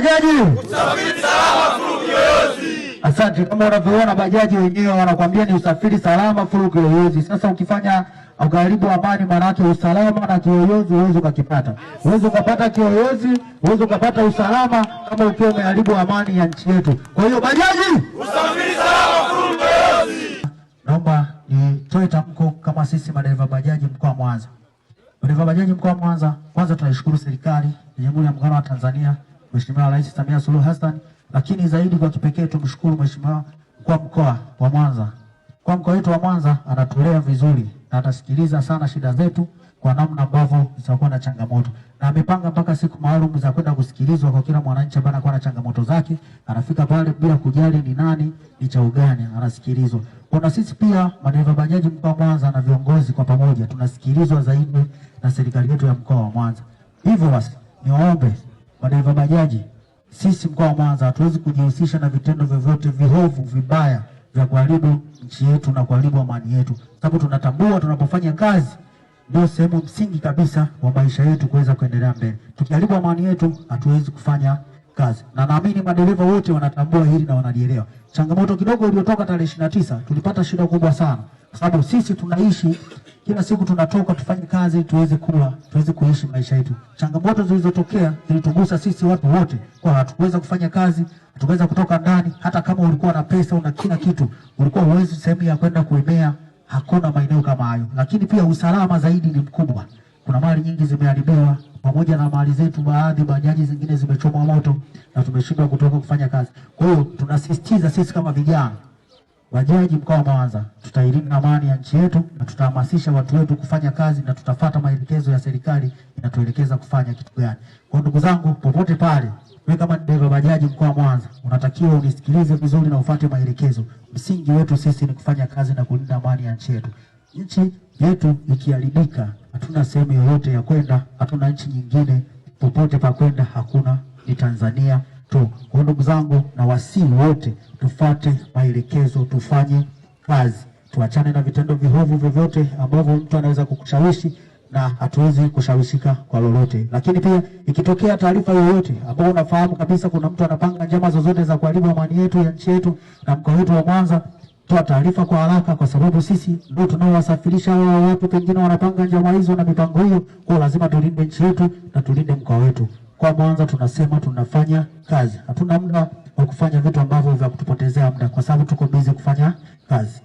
bajaji usafiri salama furugu yoyozi. Asante. Kama unavyoona bajaji wenyewe wanakuambia ni usafiri salama furugu yoyozi. Sasa ukifanya ukaharibu amani, maanake usalama na kiyoyozi uweze ukakipata, uweze ukapata kiyoyozi, uweze ukapata usalama kama ukiwa umeharibu amani ya nchi yetu. Kwa hiyo bajaji, usafiri salama furugu yoyozi. Naomba nitoe tamko kama sisi madereva bajaji mkoa wa Mwanza, madereva bajaji mkoa wa Mwanza, kwanza tunaishukuru serikali ya Jamhuri ya Muungano wa Tanzania Mheshimiwa Rais Samia Suluhu Hassan, lakini zaidi kwa kipekee tumshukuru Mheshimiwa mkuu wa mkoa wa Mwanza. Kwa mkoa wetu wa Mwanza anatulea vizuri na atasikiliza sana shida zetu kwa namna ambavyo zitakuwa na changamoto. Na amepanga mpaka siku maalum za kwenda kusikilizwa kwa kila mwananchi ambaye anakuwa na changamoto zake, anafika pale bila kujali ni nani, ni cha ugani, anasikilizwa. Kuna sisi pia madereva bajaji mkoa wa Mwanza na viongozi kwa pamoja tunasikilizwa zaidi na serikali yetu ya mkoa wa Mwanza. Hivyo basi niwaombe Madereva bajaji, sisi mkoa wa Mwanza hatuwezi kujihusisha na vitendo vyovyote vihovu vibaya vya kuharibu nchi yetu na kuharibu amani yetu, sababu tunatambua tunapofanya kazi ndio sehemu msingi kabisa wa maisha yetu kuweza kuendelea mbele. Tukiharibu amani yetu hatuwezi kufanya kazi, na naamini madereva wote wanatambua hili na wanalielewa. Changamoto kidogo iliyotoka tarehe 29 tulipata shida kubwa sana, sababu sisi tunaishi kila siku tunatoka tufanye kazi tuweze kula, tuweze kuishi maisha yetu. Changamoto zilizotokea zilitugusa sisi watu wote, kwa hatuweza kufanya kazi, hatukuweza kutoka ndani. Hata kama ulikuwa na pesa, una kila kitu, ulikuwa uwezi sehemu ya kwenda kuemea, hakuna maeneo kama hayo. Lakini pia usalama zaidi ni mkubwa, kuna mali nyingi zimeharibiwa pamoja na mali zetu, baadhi bajaji zingine zimechomwa moto na tumeshindwa kutoka kufanya kazi. Kwa hiyo tunasisitiza sisi kama vijana Wajaji mkoa wa Mwanza, tutailinda amani ya nchi yetu na tutahamasisha watu wetu kufanya kazi na tutafata maelekezo ya serikali inatuelekeza kufanya kitu gani. Kwa ndugu zangu, popote pale, wewe kama dereva bajaji mkoa wa Mwanza unatakiwa unisikilize vizuri na ufuate maelekezo. Msingi wetu sisi ni kufanya kazi na kulinda amani ya nchi yetu. Nchi yetu ikiharibika, hatuna sehemu yoyote ya kwenda, hatuna nchi nyingine popote pa kwenda, hakuna. Ni Tanzania Kristo. Kwa ndugu zangu, na wasii wote tufate maelekezo, tufanye kazi, tuachane na vitendo vihovu vyovyote ambavyo mtu anaweza kukushawishi na hatuwezi kushawishika kwa lolote. Lakini pia ikitokea taarifa yoyote ambayo unafahamu kabisa kuna mtu anapanga njama zozote za kuharibu amani yetu ya nchi yetu na mkoa wetu wa Mwanza, toa taarifa kwa haraka, kwa sababu sisi ndio tunaowasafirisha hao watu, pengine wanapanga njama hizo na mipango hiyo, kwa lazima tulinde nchi yetu na tulinde mkoa wetu kwa Mwanza tunasema tunafanya kazi, hatuna muda wa kufanya vitu ambavyo vya kutupotezea muda, kwa sababu tuko busy kufanya kazi.